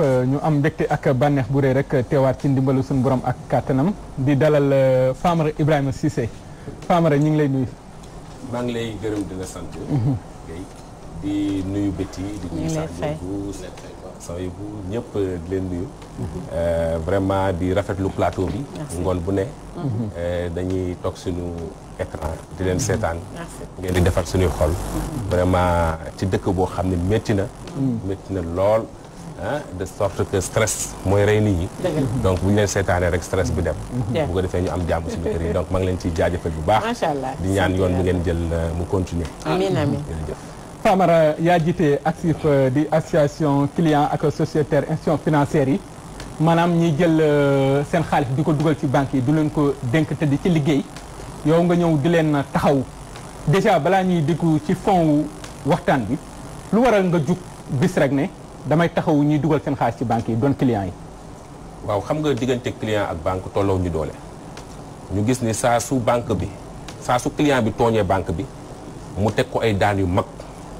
Euh, ñu am mbégte ak bànneex bu rëy rek teewaat ci ndimbalu suñu borom ak kàttanam di dalal euh, faamara Ibrahima Cissé Famara ñu ngi lay nuyu. maa ngi lay gërëm di la nuyu mhm. bétti di nuyu saa yëngu saa yëngu ñëpp di leen nuyu. Euh, vraiment di rafetlu plateau bi. ngoon bu ne. Mhm. dañuy toog écran di leen mhm. seetaan. ngeen di defar suñuy xol. vraiment ci dëkk boo xam ne métti na. métti lool. ah de sorte que stress mooy rey nit ñi donc bu ñu leen seetaanee rek stress bi dem bu ko defee ñu am jàmm suñu kër yi donc ma ngi leen ciy jaajëfal bu baax macha allah di ñaan yoon bi ngeen jël euh, mu continuer amiin amiin jërëjëf Famara yaa jiite actif euh, di association client ak sociétaire institution financière yi maanaam ñi jël euh, seen xaalis di ko dugal ci banques yi du leen ko dénk te di ci liggéey yow nga ñëw di leen taxaw déjà balaa ñuy déglu ci fond waxtaan bi lu waral nga jug bis rek ne damay taxawu ñuy dugal seen xaalis ci banques yi doon clients yi. waaw xam nga diggante client ak banque tolloo ñu doole ñu gis ni saa su banque bi saa su client bi tooñee banque bi mu teg ko ay daan yu mag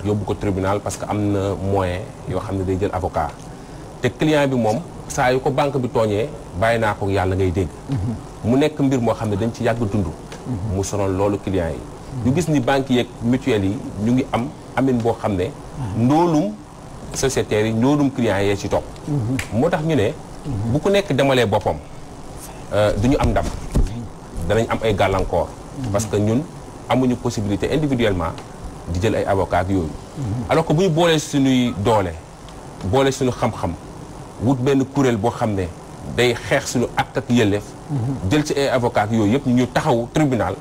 yóbbu ko tribunal parce que am na moyen yoo xam ne day jël avocat te client bi moom saa yu ko banque bi tooñee bàyyi naa ko yàlla ngay dégg. Mm-hmm. mu nekk mbir moo xam ne dañ ci yàgg dund. Mm-hmm. mu sonal loolu client yi. ñu gis ni banque yeeg mutuelle yi ñu ngi am amin boo xam ne. Mm-hmm. sociétaires yi ñoonum clients yee ci topp moo tax ñu ne bu ku nekk demalee boppam euh, du ñu am ndam danañ am ay gàllankoor parce que ñun amuñu possibilité individuellement di jël ay avocat yooyu alors que bu ñu boolee suñuy doole boole suñu xam-xam wut benn kuréel boo xam ne day xeex suñu ak ak yëlleef jël ci ay avocat ak yooyu yëpp ñu taxaw tribunal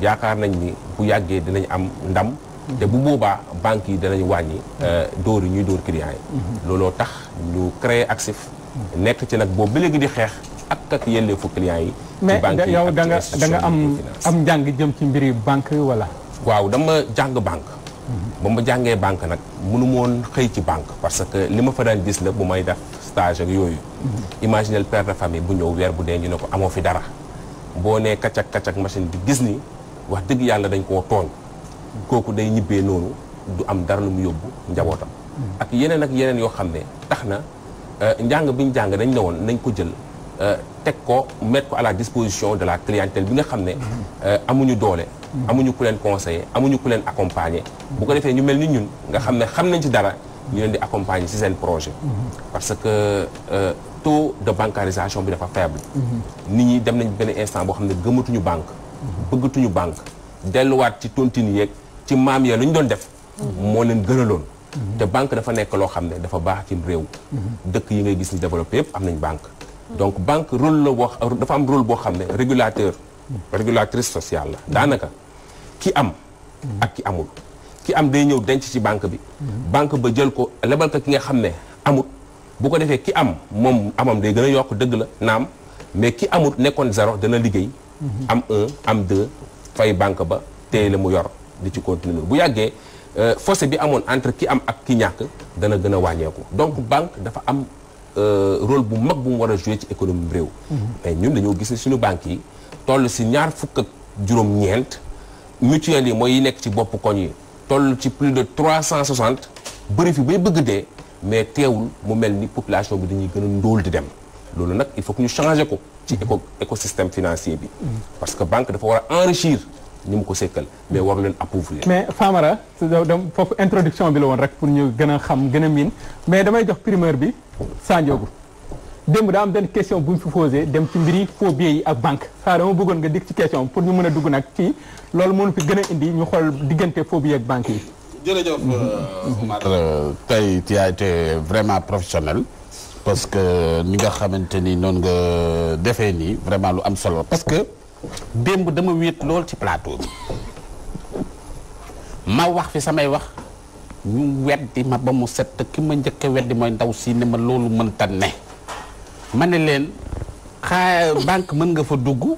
yaakaar nañ ni bu yàggee dinañ am ndam te bu boobaa banque yi danañ wàññi euh, dóor yi ñuy dóor clients yi mhm. looloo tax ñu créer actif mhm. nekk ci nag boobu ba léegi di xeex ak ak yelleefu clients yi mais yow da nga da am am njàng jëm ci mbiri banque yi wala waaw dama jàng banque mhm. ba ma jàngee banque nag mënu moon xëy ci banque parce que li ma fa daan gis la bu may def stage ak yooyu imaginel père de famille bu ñëw weer bu dee ñu ne ko amoo fi dara boo nee kacak kacak machine bi gis ni wax dëgg yàlla dañ koo tooñ kooku day ñibbee noonu du am dara lu mu yóbbu njabootam. ak yeneen ak yeneen yoo xam ne tax na euh, njàng bi ñu jàng dañ la woon nañ ko jël euh, teg ko mettre ko à la disposition de la clientèle bi nga xam ne. Euh, amuñu doole. amuñu ku leen conseiller amuñu ku leen accompagner. bu ko defee ñu mel ni ñun nga xam ne xam nañ ci dara ñu leen di accompagner si seen projet. parce que taux de bancarisation bi dafa faible. nit ñi dem nañ benn instant boo xam ne gëmatuñu banque. bëggatuñu banque delluwaat ci tontine yeeg. ci maam ya lu ñu doon def moo leen gënaloon te banque dafa nekk loo xam ne dafa baax ci réew dëkk yi ngay gis ni yëpp am nañ banque donc banque rôle la wax dafa am rôle boo xam ne régulateur régulatrice sociale la daanaka ki am ak ki amul ki am day ñëw denc ci banque bi banque ba jël ko lebal ko ki nga xam ne amut bu ko defee ki am moom amam day gën a yokk dëgg la naam mais ki amut nekkoon zéro dana liggéey am un am deux fay banque ba téye la mu yor di ci continuer bu yàggee euh, fossé bi amoon entre ki am ak ki ñàkk dana gën a wàññeeku donc banque dafa am euh, rôle bu mag bu mu war a jouer ci économie réew mhm. mais ñun dañoo gis ne suñu banques yi toll si ñaar fukk ak juróom-ñeent mutuelle yi mooy yi nekk ci bopp koñ yi toll ci plus de 360 bëri fi bay bëgg dee mais teewul mu mel ni population bi dañuy gën a ndóol di dem loolu nag il faut que ñu changer ko ci mhm. éco écosystème financier bi mhm. parce que banque dafa war a enrichir ñi mu ko sekkal mais war leen appauvrir. mais Famara foofu introduction bi la woon rek pour ñu gën a xam gën a miin mais damay jox primeur bi Sandiogou démb daa am benn question bu ñu fi posé dem ci mbiri faux billets yi ak banque saa dama bëggoon nga dig ci question pour ñu mën a dugg nag ci loolu mënu fi gën a indi ñu xool diggante faux billets ak banque yi. jërëjëf euh, mhm. Omar. Euh, tey tu as été vraiment professionnel. parce que ni nga xamante ni noonu nga defee nii vraiment lu am solo parce que. démb dama wéet lool ci plateau bi ma wax fi samay wax ñu weddi ma ba mu set ki ma njëkk a weddi mooy ndaw si ne ma loolu mënta ne ma ne leen xaa banque mën nga fa dugg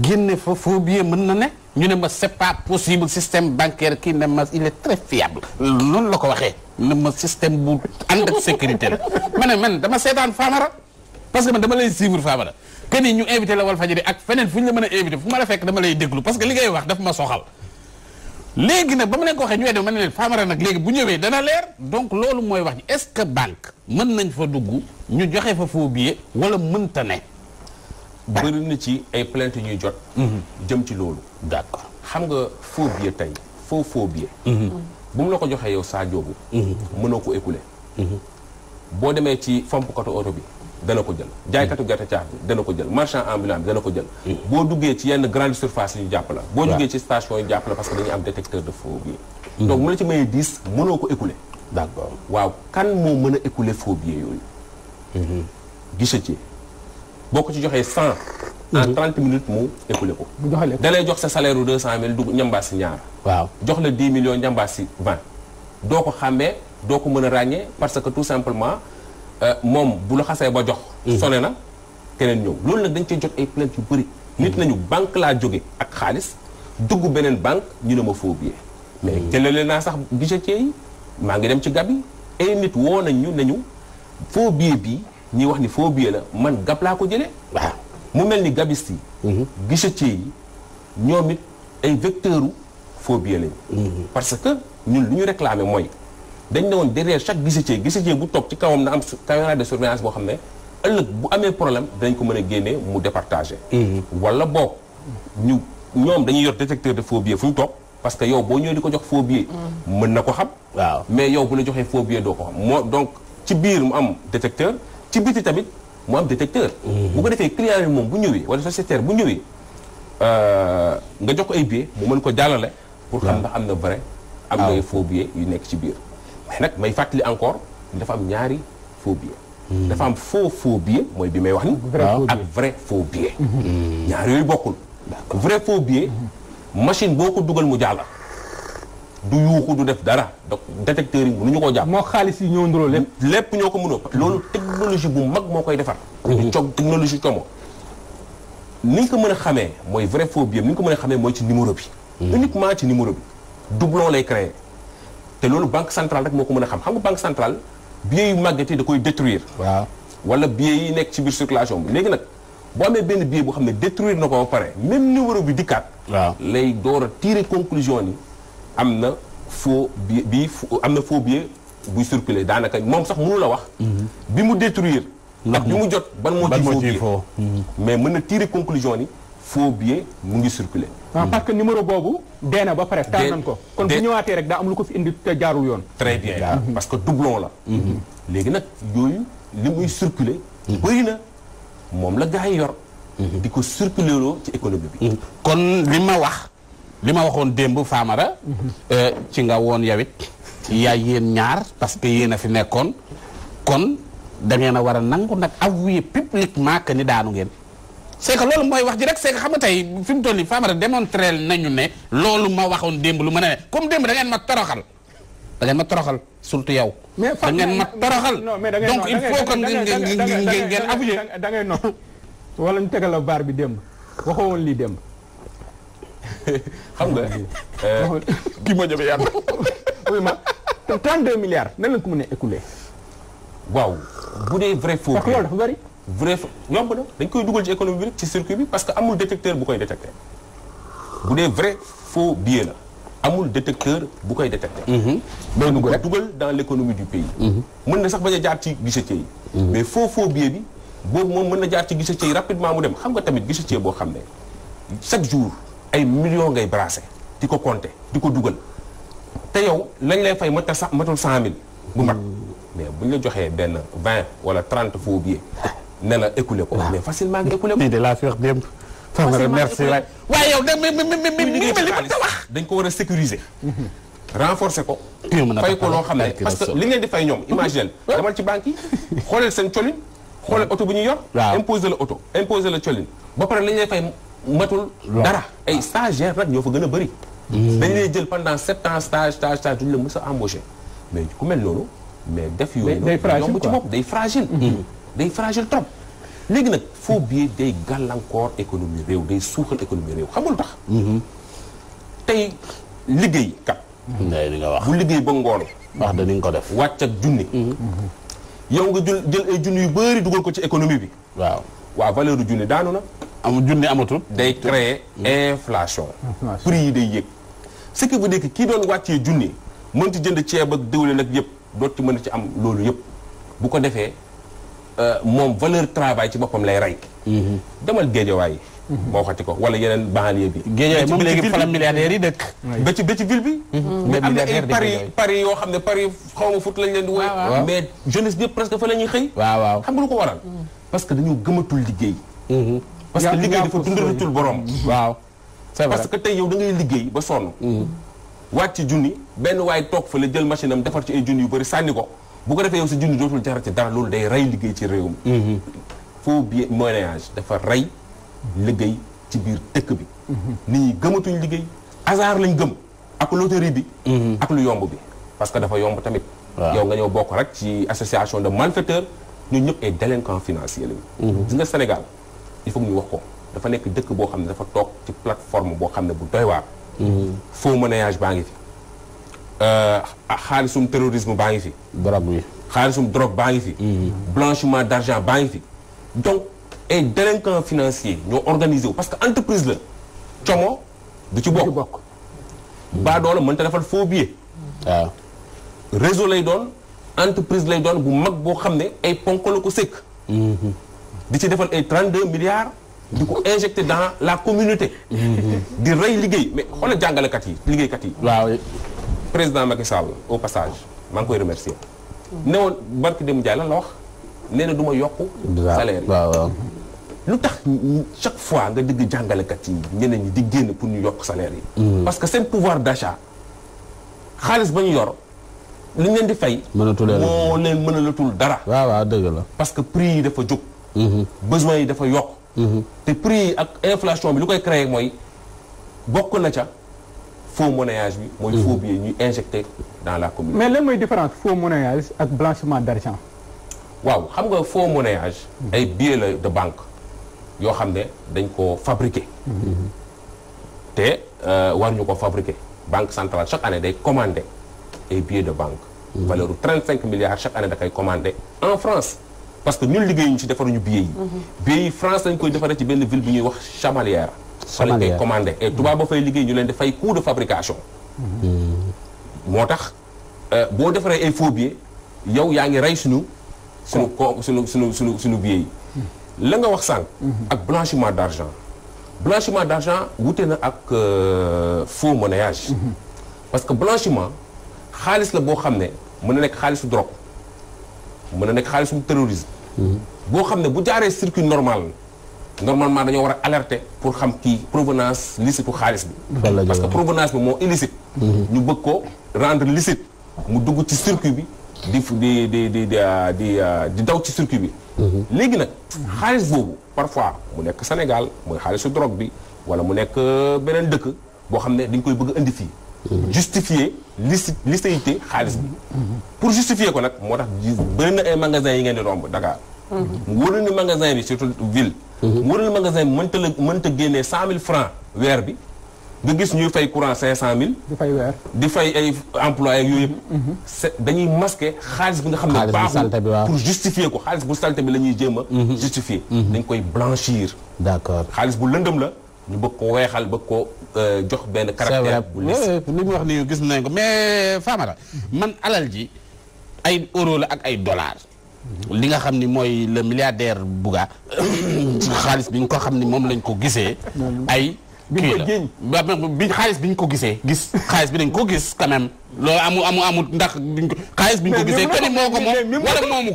génne fa faux billet mën na ne ñu ne ma c'est pas possible système bancaire kii ne ma il est très fiable noonu la ko waxee ne ma système bu ànd ak sécurité ma ne dama seetaan Famara parce que dama lay suivre Famara que ni ñu invité la Walfadjri ak feneen fu ñu la mën a invité fu ma la fekk dama lay déglu parce que li ngay wax daf ma soxal léegi nag ba ma leen ko waxee ñu weddi ma ne leen Famara nag léegi bu ñëwee dana leer donc loolu mooy wax ji est ce que banque mën nañ fa dugg ñu joxe fa faux billet wala mënta ne. bëri na ci ay plainte ñuy jot. Mhm. jëm ci loolu. d' accord xam nga faux billet tey faux faux billet. Mhm. bu mu la ko joxee yow saa joobu mhm. mënoo ko écouler. boo demee ci fompkatu oto bi. dana ko jël jaaykatu gerte caaf bi dana ko jël marchand ambulant bi dana ko jël boo duggee ci yenn grande surface yi ñu jàpp la boo duggee ci station yi jàpp la parce que dañuy am détecteur de faux billets hmm. donc mu la ci mayee 10 ko waaw kan moo mën a écouler faux billets yooyu hmm. guichetier boo ko ci joxee 100 en 30 hmm. minutes mu écoulé ko da lay jox sa salaire u 200000 dugg ñambaas si ñaar waaw jox la 10 millions ñambaas si 20 doo ko xàmmee doo ko mën a ràññee parce que tout simplement Euh, moom bu la xasee ba jox. Mm. sone na keneen ñëw loolu nag dañ cee jot ay plainte yu bëri. Mm. nit nañu banque laa jóge ak xaalis dugg beneen banque ñu ne ma faux billet. mais mm. leen naa sax guichetier yi maa ngi dem ci gab yi ay nit woo nañ ñu nañu faux billet bi ñuy wax ni faux billet la man gab laa ko jëlee. waaw mu mel ni gabiste yi. ci mm-hmm. yi ñoom it ay vecteurs faux lañu. Mm-hmm. parce que ñun lu ñu réclamer mooy. dañ ne woon derrière chaque guichetier guichetier bu toog ci kawam na am caméra de surveillance boo xam ne ëllëg bu amee problème dañ ko mën a génnee mu départagé. Mhm. wala boog ñu ñoom dañuy yor détecteur de faux fu ñu toog parce que yow boo ñëwee di ko jox faux billet. Mhm. mën na ko xam. waaw mais yow bu la joxee faux doo ko xam moo donc ci biir mu am détecteur ci biti tamit mu am détecteur. Mhm. bu ko defee client bi moom bu ñëwee wala sociétaire bu ñëwee euh, nga jox ko ay billets mu mën ko jàllale. pour xam nga am na vrai am na faux billets yu nekk ci biir. mais nag may fàttali encore dafa am ñaari faux billets. dafa am faux faux mooy bi may wax ni. ak vrai faux billet. Mhm. Mmh. ñaar yooyu bokkul. vrai faux billet. Mhm. machine boo ko dugal mu jàll. du yuuxu du def dara donc détecteurs yi ñu koo jàpp. moo xaalis yi ñoo nduroo lépp. lépp ñoo ko mënoo. Mhm. loolu technologie bu mag moo koy defar. du coog technologie como ni nga ko mën a xamee mooy vrai faux billet nu ko mën a xamee mooy ci numéro bi. uniquement ci numéro bi dubloo lay créer. te loolu banque centrale rek moo ko mën a xam xam nga banque centrale billets yu màggati da koy détruire waaw wala billets yi nekk ci biir circulation bi léegi nag boo amee benn billet boo xam ne détruire na ko ba pare même numéro bi dikkaat waaw lay door a tirer conclusion ni am na faux bi bii am na faux billet buy circuler daanaka moom sax mënu la wax mhm. bi mu détruire nag bi mu jot ban moo ci faux billet mhm. mais mën na tirer conclusion ni faux billet mu ngi circuler ah, parce que numéro boobu deena ba pare taal nañ ko kon bu ñëwaatee rek daa am lu ko fi indi te jaarul yoon très bien mm-hmm. parce que doublon la mm-hmm. léegi nag yooyu li muy circuler mm-hmm. bëri na moom la gars yi yor di ko circuler loo ci économie bi kon li ma wax li ma waxoon démb Famara euh, ci nga woon yawit yaa yéen ñaar parce que yéen a fi nekkoon kon da ngeen a war a nangu nag avouer publiquement que ni daanu ngeen c'est que loolu mooy wax ji rek c'est xam nga tey fi mu toll nii Famara démontré nañu ne loolu ma waxoon démb lu mën a ne comme démb da ngeen ma toroxal da ngeen ma toroxal surtout yow. mais da ngeen ma toroxal. donc il faut que ngeen ngeen appuyer. da ngay noonu wala ñu tegal la baar bi démb waxoon lii démb. xam nga. Euh, kii moo ñëwee yàlla. oui ma 32 milliards nan la ko mën a écouler. waaw bu dee vrai faux. parce que loolu dafa vrai yomb na dañ koy dugal ci économie bi rek ci circuit bi parce que amul détecteur bu koy détecté bu dee vrai faux billet la amul détecteur bu koy détecté day mhm. dugal dugal dans l' économie du mhm. mën na sax bañ a jaar ci guichetier yi mhm. mais faux faux bi boobu moom mën na jaar ci guichetier yi rapidement mu dem xam nga tamit guichetier boo xam ne chaque jour ay million ngay brasser di ko compter di ko dugal te yow lañ lay fay matal matul cent mille bu mat mais bu buñ la joxee benn vingt wala trente faux billets ne la écoulé ko. mais facilement nga écoulé ko. lii de laa fi wax démb. facilement merci waay. waaye yow mi mi mi mi ngi mel ni man wax. dañ ko war a sécuriser. Mhm. renforcer ko. fay ko loo xam ne parce que li ngeen di fay ñoom mhm. imagine demal ci banque yi xooleel seen colin. xooleel oto bu ñuy yor. waaw imposer la oto imposer la colin. ba pare li ñu lay fay matul. dara ay stagiaire rek ñoo fa gën a bëri. Mhm. dañu lay jël pendant sept ans stage stage stage duñu la mës a embauché mais ku mel noonu. mais def yooyu. day fragile day fragile. day fragile trop léegi nag faux billet day gàllankoor économie réew day suuxal économie réew xamul tax mhm. tey liggéey kat li wax bu liggéey ba ngoon wax da ni nga ko def wàcc ak junni mhm. yow nga jël jël ay junni yu bëri dugal ko ci économie bi waaw waaw valeur du junni daanu nag am junni amatul day créer inflation prix yi day yëg ce qui veut dire que kii doon wàccee junni mënti jënd ceeb ak diwlin ak yëpp doot ci mën a ci am loolu yëpp bu ko defee Euh, moom valeur travail ci boppam lay rey. Mhm. demal géejawaay. moo mhm. xati ko wala yeneen banlieue bi. géejawaay moom léegi fa la milliardaires yi dëkk. ba ci ville bi. Mhm. mais am na ay paris paris yoo xam ne paris xaw ma fut lañ leen di wooy mais jeunesse bi presque fa la ñuy xëy. waaw waaw xam nga lu ko waral. parce que dañu gëmatul liggéey. parce que liggéey dafa dundalatul borom. waaw c'est vrai parce que tey yow da ngay liggéey ba sonn. wàcc junni benn waay toog fa la jël machine am defar ci ay junni yu bëri sànni ko. bu ko defee yow sa junni dootul jarate dara loolu day rey liggéey ci réew mi mm-hmm. faux monnayage dafa rey liggéey ci biir dëkk bi mm-hmm. nit ñi gëmatuñ liggéey hasard lañ gëm ak loterie bi mm-hmm. ak lu yomb bi parce que dafa yomb tamit yow nga ñëw bokk rek ci association de malfaiteurs ñun ñëpp ay délinquants financiers lañu gis Sénégal il faut ñu wax ko dafa nekk dëkk boo xam ne dafa toog ci plateforme boo xam ne bu doy waar faux monnayage baa ngi fi Euh, ah, xaalisum terrorisme baa ngi fi. drogue bi xaalisum drogue baa ngi fi. Mhm. blanchiment d' argent baa ngi fi. donc ay délinquants financiers ñoo organisé parce que entreprise la. como du ci bokk. Mm-hmm. baa doole mënta defal foo billet. waaw réseau lay doon entreprise lay doon bu mag boo xam ne ay ponk la ko sëkk. Mhm. di ci defal ay 32 milliards. di ko injecté dans la communauté. Mhm. di rey liggéey mais xoolal jàngalekat yi liggéeykat yi. président Macky Sall au passage maa koy remercier ne woon barki Demba Ndiaye lan la wax nee na du ma yokk. salaire yi lu tax chaque fois nga dégg jàngalekat yi ñeneen ñi di génn pour ñu yokk salaire yi. Mm. parce que seen pouvoir d'achat xaalis ba ñu yor. li ngeen di fay. moo leen mënalatul dara. waaw waaw dëgg la. parce que prix yi dafa jóg. Mm-hmm. besoin yi dafa yokk. Mm-hmm. te prix yi ak inflation bi lu koy créer mooy bokk na ca. faux monnayage bi. mooy hmm. faux billet ñuy injecté dans la commune. mais lan mooy différence faux monnayage ak blanchiment d' argent. waaw xam nga faux monnayage. Hmm. ay billets la de banque yoo xam ne dañ koo fabriqué. Hmm. te euh, war ñu ko fabriqué banque centrale chaque année day commandé ay billets de banque. valeur bu 35 milliards chaque année da koy commandé en France. parce que ñun ñu ci defaruñu billets yi. billets yi France dañ koy defaree ci benn ville bu ñuy wax Chamalières. fa lañ koy commandé et tubaab ba fay liggéey ñu leen di fay coût de fabrication hmm. moo tax euh, boo defaree ay faux billets yow yaa ngi rey suñu suñu ko suñu suñu suñu suñu billets yi hmm. la nga wax sànq hmm. ak blanchiment d' argent blanchiment d' argent wute na ak euh, faux monnayage parce que blanchiment xaalis la boo xam ne mën na nekk xaalisu drop mun na nekk xaalisum terrorisme boo xam ne bu jaaree circuit normal normalement dañoo war a alerter pour xam kii provenance licitu xaalis bi parce que provenance bi moo illicite mhm. ñu bëgg ko rendre licite mu dugg ci circuit bi di di di di di euh, euh, di daw ci circuit bi mhm. léegi nag xaalis boobu parfois mu nekk Sénégal mooy su drogue bi wala mu nekk euh, beneen dëkk boo xam ne dañ koy bëgg indi fii mhm. justifier licite licéité xaalis bi pour justifier ko nag moo tax bëri na ay magasin yi ngeen di romb Dakar mu wóor ni magasin bi surtout ville Mm-hmm. wëral magasin bi mënta la mënta génne cent mille francs weer bi nga gis ñuy fay courant cent mille di fay weer di fay ay employé yooyu mm-hmm. dañuy masquer xaalis bi nga xam ne baaxul pour justifier ko xaalis bu salte bi la ñuy jéem a mm-hmm. justifier dañ koy blanchir d'accord xaalis bu lëndëm la ñu bëgg ko weexal bëgg ko euh, jox benn caractère bu lis li mu wax ni gis nañ ko mais Famara man alal ji ay euro la ak ay dollars li nga xam ni mooy le milliardaire Bouga xaalis bi nga ko xam ni moom lañ ko gisee ay kii la bi xaalis bi ñu ko gisee gis xaalis bi dañ ko gis quand même loolu am amu amul ndax xaalis bi ñu ko gisee kenn moo ko moom wala moomu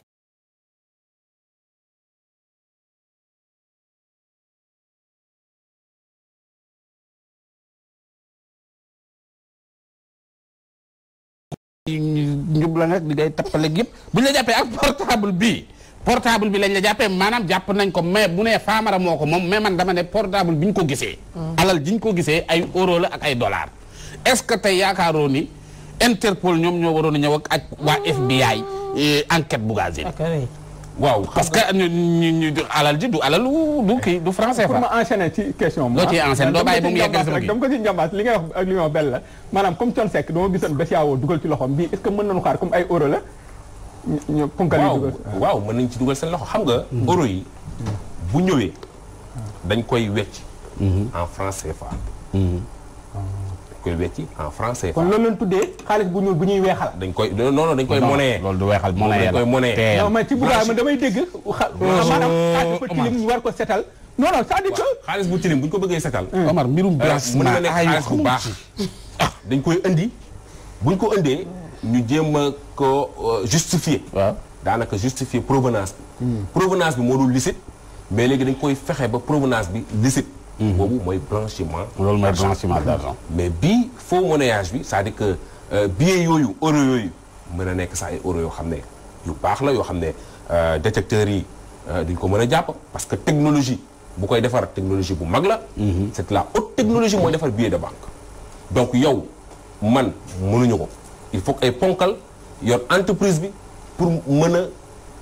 njub la nag di ngay tappale yëpp bu ñu la jàppee ak portable bi portable bi lañ la jàppee maanaam jàpp nañ ko mais bu ne faamara moo ko moom mais man dama ne portable bi ñu ko gisee mm. alal ji ñu ko gisee ay euro la ak ay dollar est-ce que tey yaakaaroo ni Interpol ñoom ñoo waroon a ñëw ak waa mm. FBI eh, enquête bu gazé waaw parce que ñu alal ji du alal du kii du français fa. pour ma enchaîner ci question bi. loo ciy ba mu yeggal sama kii dama ko ci njambaas li nga wax ak li ma wax benn la maanaam comme Thione Seck dama dugal ci loxoom bii est-ce que mën nañu xaar comme ay euro la. ñu ponkal yi dugal waaw mën nañu ci dugal seen xam nga. Hmm. euro yi hmm. bu ñëwee dañ koy wecc. Hmm. en franc CFA. koy wecci en français. kon loolu leen tuddee xaalis bu ñuul bu ñuy weexal. dañ koy non non dañ koy monnaie. loolu du weexal monnaie la monnaie non mais ci buggaay man damay dégg. maanaam xaalis bu tilim ñu war ko xaalis bu tilim bu ñu ko bëggee setal. Hmm. Omar mbirum euh, blanchiment mën na nekk xaalis bu baax. Ah, dañ koy indi buñ ko indee ñu jéem a ko euh, justifier. waaw daanaka justifier provenance bi. Hmm. provenance bi moo dul licite mais léegi dañ koy fexe ba provenance bi licite Mm-hmm. boobu mooy blanchiment. loolu mooy blanchiment mm-hmm. mais bii faux monnayage bi c'est-à-dire que euh, billets yooyu euro yooyu mën a nekk sax ay euro yoo xam ne yu baax la yoo xam ne euh, détecteurs yi euh, duñ ko mën a jàpp parce que technologie bu koy defar technologie bu mag la. Mm-hmm. c'est la haute technologie mooy defar billet de banque. donc yow man mënuñu ko il faut que ay ponkal yor entreprise bi pour mën a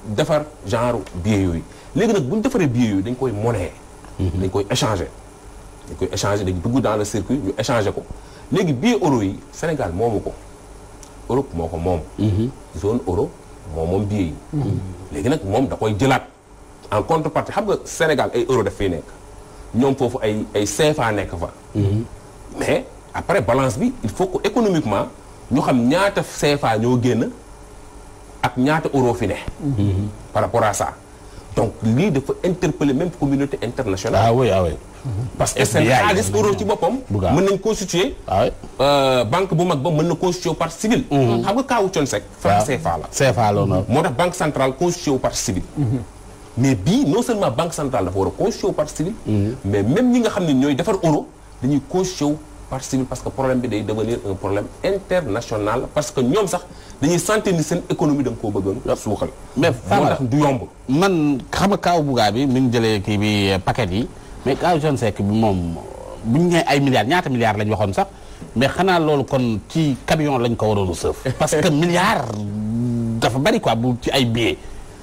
defar genre billet yooyu léegi nag bu ñu defaree billet yooyu dañ koy monnayer. dañ koy échanger dañ koy dañ dugg dans le circuit ñu échanger ko léegi bii euro yi Sénégal moomu ko Europe moo ko moom mhm. zone euro moo moom billet mhm. léegi nag moom da koy jëlaat en contrepartie xam nga Sénégal ay euro daf fiy nekk ñoom foofu ay ay CFA nekk fa mhm. mais après balance bi il faut que économiquement ñu xam ñaata CFA ñoo génn ak ñaata euro fi ne par rapport à ça donc lii dafa interpeller même communauté internationale. ah, ah parce que seen xaalis euro ci boppam. mën nañ constituer. Ah euh, banque bu mag ba mën na constituer par civil. Mm-hmm. xam nga kaawu Thione Seck. franc ah. CFA la moo tax banque centrale constituer par civil. Mm-hmm. mais bii non seulement banque centrale dafa war a constituer par civil. Mm-hmm. mais même ñi nga xam ne ñooy defar euro dañuy constituer partie civile parce que problème bi day devenir un problème international parce que ñoom sax dañuy sentir ni seen économie da nga koo bëggoon suuxal mais moo tax du yomb man xam nga kaaw bugaa bi mi ngi jëlee kii bi euh, paquet yi mais kaaw John Seck bi moom bu ñu nee ay milliards ñaata milliards lañ waxoon sax mais xanaa loolu kon ci camion lañ ko waroon sëf parce que milliard dafa bari quoi bu ci ay billets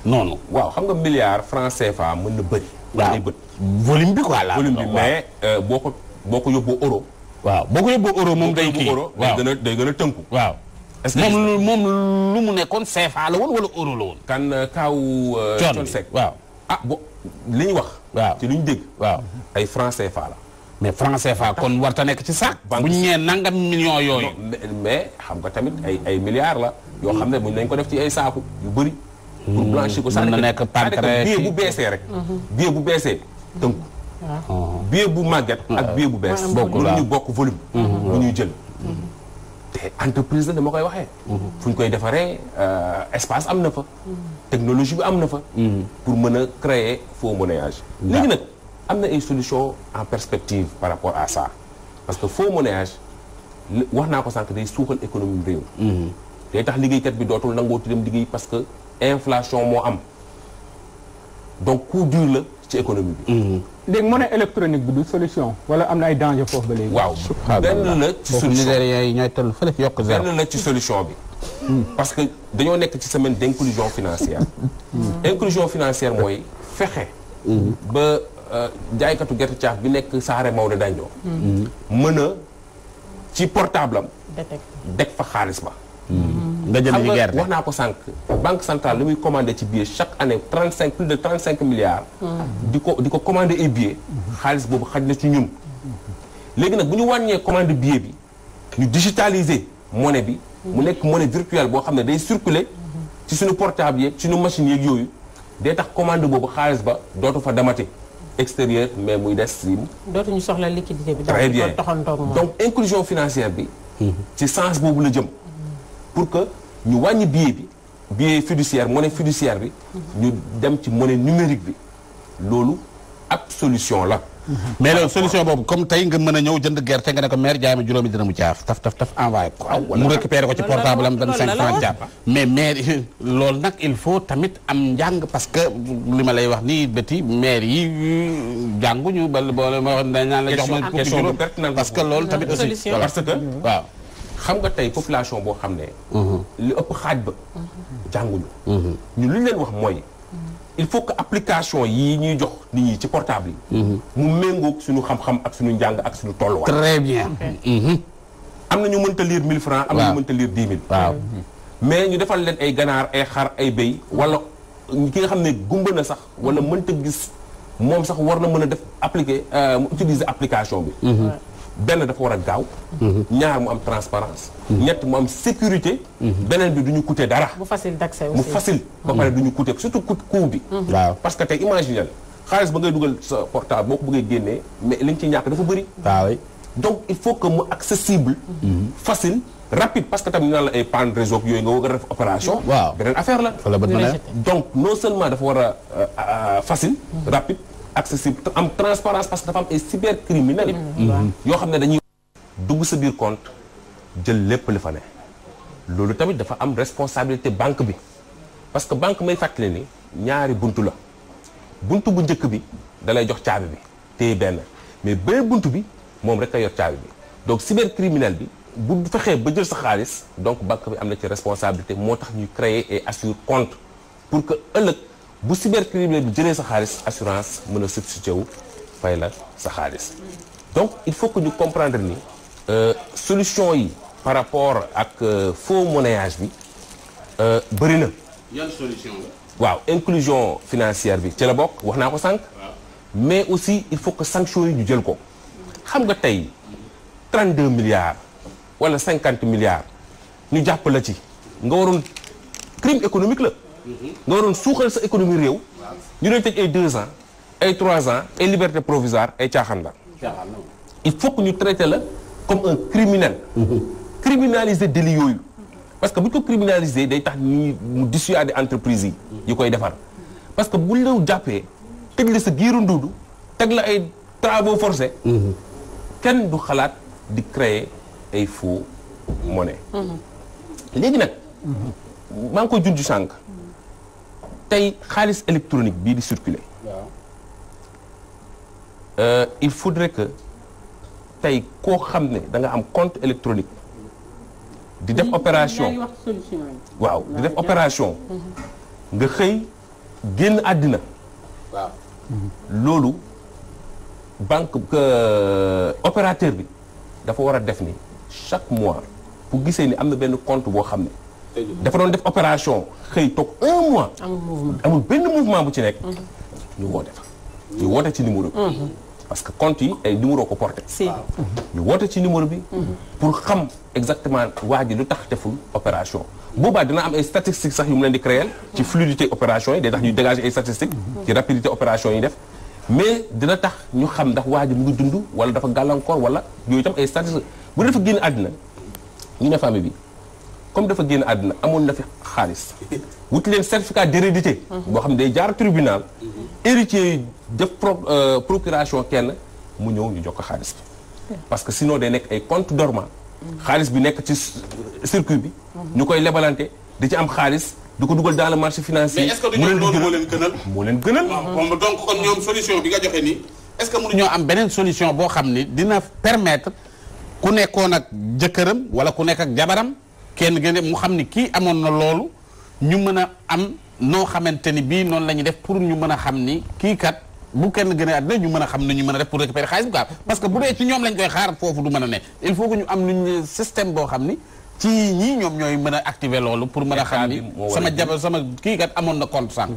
noonu waaw xam nga milliard franc CFA mën na bëri waaw volume bi quoi la volume bi mais euh, boo ko boo ko yóbboo euro waaw boo ko yóbbu euro moom day kii waaw day gën a day gën a moom moom lu mu nekkoon CFA la woon wala euro la woon. kan euh, kaawu. Euh, Thione Seck waaw. ah li ñu wax. ci li ñu dégg. waaw ay francais CFA la. mais franc CFA kon war ta nekk ci saak. bu ñu nee nangam millions yooyu. mais xam nga tamit ay ay la. yoo xam ne buñ nañ ko def ci ay saaku yu bëri. pour hmm. blanchir ko sax nekk pancré bu beesee rek. Mhm. bu beesee tënku. Hmm. billet bu màgget ak ah. billet bu bees bokkul ñu bokk volume bu mm-hmm. mm-hmm. mm-hmm. ñuy jël te entreprise la dama koy waxee fu ñu koy defaree euh, espace am na fa technologie bi am na fa pour mën a créer faux monnayage léegi nag am na ay solution en perspective par rapport à ça parce que faux monnayage wax naa ko sànq day suuxal économie réew day tax kat bi dootul nangoo ti dem liggéey parce que inflation moo am donc coup la ci économie bi. Mm-hmm. léegi monnaie électronique bi du solution wala am na ay danger foofu ba léegi. waaw benn la ci solution Nigéria yi ñooy ci solution bi. Mm. parce que dañoo nekk ci semaine d' inclusion financière. Mm. inclusion financière mooy fexe. Mm-hmm. ba euh, jaaykatu gerte caaf bi nekk Saare Maodo Dandio. Mm-hmm. mën a ci portable am. fa xaalis ba. nga jënd ci wax naa ko sànq. banque centrale li muy commandé ci billet chaque année trente cinq plus de trente cinq milliards. Hmm. di ko di ko commandé et billets. xaalis boobu xaj na ci ñun. léegi nag bu ñu wàññee commande billet bi ñu digitaliser monnaie bi. mu nekk monnaie virtuelle boo xam ne day circuler ci suñu portable yeeg suñu machine yeeg yooyu day tax commande boobu xaalis ba dootu fa damate. extérieur mais muy des si. dootuñu soxla liquidité bi. très bien donc inclusion financière bi. Hmm. ci sens boobu la jëm. pour que ñu wàññi billet bi billet fiduciaire monnaie bi ñu dem ci monnaie numérique bi loolu ab solution la mais loolu solution boobu comme tey nga mën a ñëw jënd gerte nga ne ko maire jaay ma juróomi dina mu jaaf taf taf taf envoyé ko mu récupéré ko ci portable am vingt cinq francs jaaf mais maire loolu nag il faut tamit am njàng parce que li ma lay wax nii bëti yi jànguñu ba boo parce que loolu tamit aussi parce que waaw xam nga tey population boo xam ne. li ëpp xaaj ba. jànguñu. Mhm. ñu li leen wax mooy. il faut que application yii ñuy jox nit ñi ci portable yi. Mhm. mu méngoog suñu xam-xam ak suñu njàng ak suñu tolluwaay. très bien. am na ñu mënta liir 1000 francs am na ñu mënta lire 10 000. waaw mais ñu defal leen ay ganaar ay xar ay béy wala ki nga xam ne gumba na sax wala mënta gis moom sax war na mën a def appliquer euh, utiliser application bi. Mhm. benn dafa war a gaaw. ñaar mu am transparence ñett mu am sécurité. beneen bi du ñu coûter dara. mu facile d'accès mu facile. ba pare du ñu coûter surtout coût bi. parce que tey imagine xaalis ba ngay dugal sa portable boo ko bëggee génnee mais li nga ci ñàkk dafa bëri. waaw donc il faut que mu accessible. facile rapide parce que tam naan la ay panne réseau yooyu nga war a def opération. waaw beneen affaire la. donc non seulement dafa war a euh, euh, facile rapide. accessible am transparence parce que dafa am ay cybercriminels mm-hmm. yoo xam ne dañuy dugg sa biir compte jël lépp li fa ne loolu tamit dafa am responsabilité banque bi parce que banque may fàttali ni ñaari buntu la buntu bu njëkk bi dalay jox caabi bi téye benn mais benn bunt bi moom rek a yor caabi bi donc cybercriminel bi bu fexee ba jël sa xaalis donc banque bi am na ci responsabilité moo tax ñu créer et assure compte pour que ëllëg bu cybercriminel bi jëlee sa xaalis assurance mën a substitué wu fay la sa xaalis donc il faut que ñu comprendre ni euh, solution yi par rapport ak euh, foo monnayage bi euh, bëri na. yan solution waaw inclusion financière bi ci la bokk wax naa ko sànq. mais aussi il faut que sanctions yi ñu jël ko. xam nga tey 32 milliards wala cinquante milliards ñu jàpp la ci nga waroon crime économique la. nga waroon suuxal sa économie réew. ñu lay tëj ay deux ans ay trois ans ay liberté provisoire ay caaxaan la. il faut que ñu traité la comme un criminel. Mhm. criminaliser délit yooyu. parce que bu ñu ko criminaliser day tax ñuy mu dissuader entreprise yi. yi mhm. koy defar parce que bu ñu jàppee teg la sa giiru nduudu teg la ay travaux forcés. Mhm. kenn du xalaat di créer ay faux monnaie. léegi nag maa ngi koy junj sànq. tey xaalis électronique bii di circuler euh, il faudrait que tey koo xam ne da nga am compte électronique di def opération waaw di def opération mm-hmm. nga xëy génn àddina waaw mm-hmm. loolu banque euh, opérateur bi dafa war a def ni chaque mois bu gisee ni am na benn compte boo xam ne dafa doon def opération xëy toog un mois. amul mouvement benn mouvement bu ci nekk. Mhm. ñu woote fa. ñu woote ci numéro bi. Mhm. parce que compte yi ay numéro ko porté. ñu woote ci numéro bi. Mhm. pour xam exactement waa ji lu tax deful opération. boobaa dina am ay statistiques sax yu mu leen di créel ci fluidité opération yi ñu dégager ay statistiques. ci rapidité opération yi def. mais dina tax ñu xam ndax waa ji mu ngi dund wala dafa gàllankoor wala yooyu tam ay statistiques bu dafa génn àddina ñu ne famille bi. comme dafa génn àddina amoon na fi xaalis wuti leen certificat d'hérédité boo xam ne day jaar tribunal héritier yi def euh, procuration kenn mu ñëw ñu jox ko xaalis bi parce que sinon day nekk ay compte dormant xaalis bi nekk ci circuit bi ñu koy lebalante di ci am xaalis di ko dugal dans le marché financier mais est-ce leen du ñoom moo leen gënal moo leen gënal ah, donc kon ñoom solution bi nga joxe nii est-ce que ñoo am beneen solution boo xam ni dina permettre ku nekkoon ak jëkkëram wala ku nekk ak jabaram kenn gën mu xam ni kii amoon na loolu ñu mën a am noo xamante ni bii noonu la ñuy def pour ñu mën a xam ni kii kat bu kenn gën a àddina ñu mën a xam ne ñu mën a def pour récupérer xaalis bu gaaw parce que bu dee ci ñoom lañ koy xaar foofu du mën a ne il faut que ñu am nuñ système boo xam ni ci ñii ñoom ñooy mën a activer loolu pour mën a xam ni sama jabar kii kat amoon na compte sànq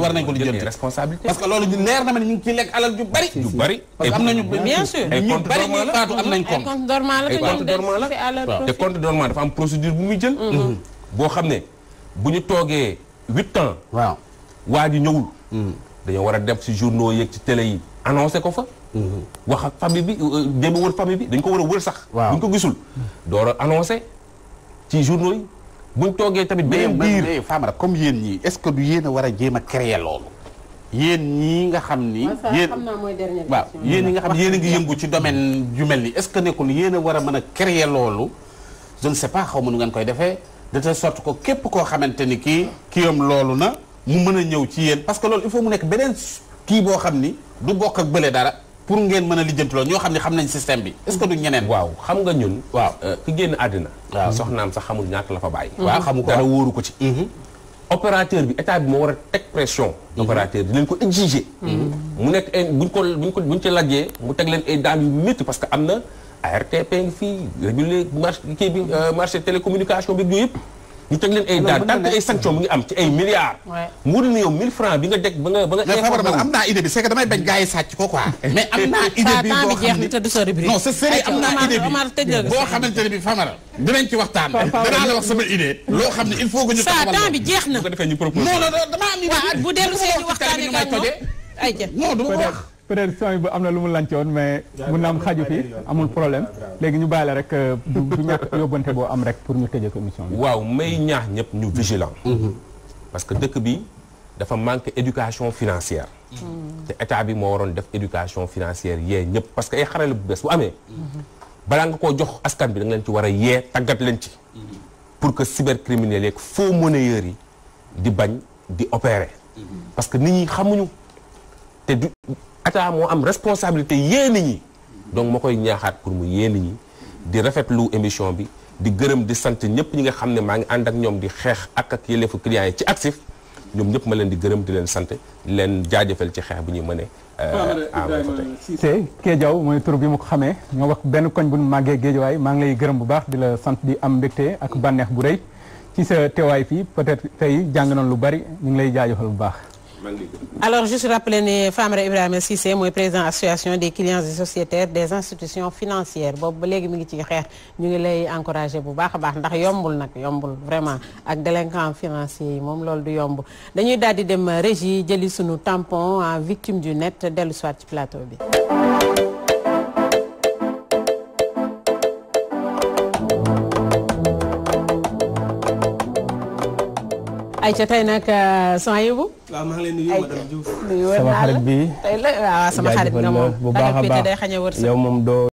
war nañ ko lijjanti responsabilité parce que loolu leer na ma ne ñu ngi ciy lekk alal ju bari ju bari parce am nañu bien muy jël mm-hmm. Mm-hmm. boo xam ne bu ñu toogee huit ans waaw waa ji ñëwul mm-hmm. dañoo war a def ci journaux yeeg ci télé yi annoncé ko fa wax ak famille bi démb euh, wër famille bi dañ ko war a wër sax buñ ko gisul door a annoncé ci journaux yi buñ toogee tamit. beneen biir mais comme yéen ñii est-ce que du yéen war a jéem a créer loolu. yéen ñii nga xam ni. yéen waaw yéen ñi nga xam ni yéen a ngi yëngu ci domaine yu mel nii est-ce que nekkul yéen a war a mën a créer loolu je ne sais pas xaw ma nu ngeen koy defee de telle sorte képp koo xamante ni kii kii am loolu na mu mën a ñëw ci yéen parce que loolu il faut mu nekk beneen kii boo xam ni du bokk ak bële dara. pour ngeen mën a lijjanti loolu ñoo xam ne xam nañ système bi est-ce que du ñeneen waaw xam nga ñun waaw euh, ku génn àddina waaw soxnaam sax xamul ñàkk la fa bàyyi waaw xamu ko dara wóoru ko ci mm-hmm. opérateur bi état bi moo war a teg pression mm-hmm. opérateur bi leen ko exiger mm-hmm. mu nekk buñ ko buñ ko buñ ci lajjee mu teg leen ay daan yu métti parce que am na ARTP ngi fii réguler marché kii bi euh, marché télécommunication bi yooyu yëpp ñu teg leen ay daan tant que ay sanction mu am ci ay milliards. mu ne yow 1000 francs bi nga deg ba nga ba nga. informé am naa idée bi c'est que damay bañ gars yi sàcc ko quoi. mais am naa idée bi boo xam ne am naa idée bi boo xamante ne bi Famara dinañ ci waxtaan. danaa la wax sama idée. loo xam ne il faut que ñu taxawal bi jeex na. bu ko defee ñu proposé non non damaa am idée. bu peut-être sooy am na lu mu lancoon mais mun na am xaju fi amul problème léegi ñu bàyyi la rek euh, du ñàkk yóbbante boo am rek pour ñu tëjee ko émission bi waaw may ñaax ñëpp ñu vigilant mm-hmm. parce que dëkk bi dafa manque éducation financière mm-hmm. te état bi moo waroon def éducation financière yee ñëpp parce que ay xarale bu bees bu amee mm-hmm. balaa nga koo jox askan bi da nga leen ci war a yee tàggat leen ci pour que cybercriminels yeeg faux monnayeurs yi di bañ di opérer parce que nit état moo am responsabilité yéen ñi donc moo koy ñaaxaat pour mu yéen ñi di rafetlu émission bi di gërëm di sant ñëpp ñi nga xam ne maa ngi ànd ak ñoom di xeex ak ak yelleefu clients yi ci actif ñoom ñëpp ma leen di gërëm di leen sant leen jaajëfal ci xeex bu ñuy mëne Cissé Kee Diaw mooy tur bi mu ko xamee ñoo wax benn koñ bu nu màggee géejawaay maa ngi lay gërëm bu baax di la sant di am mbégte ak bànneex bu rëy ci sa teewaay fii peut-être tey jàng lu bari ñu ngi lay jaajëfal bu alors juste rappeler ne Famara Ibrahima Cissé mooy président association des clients et sociétaires des institutions financières boobu ba léegi mi ngi ci xeex ñu ngi lay encouragé bu baax a baax ndax yombul nag yombul vraiment ak délinquant financier yi moom loolu du yomb dañuy daal di dem régie jëli suñu tampon en victime du net dellu soit ci plateau bi ayca tey nag euh, son yëbu. waaw maa ngi leen di bi sama xarit nga moom bu baax a baax yow moom doo.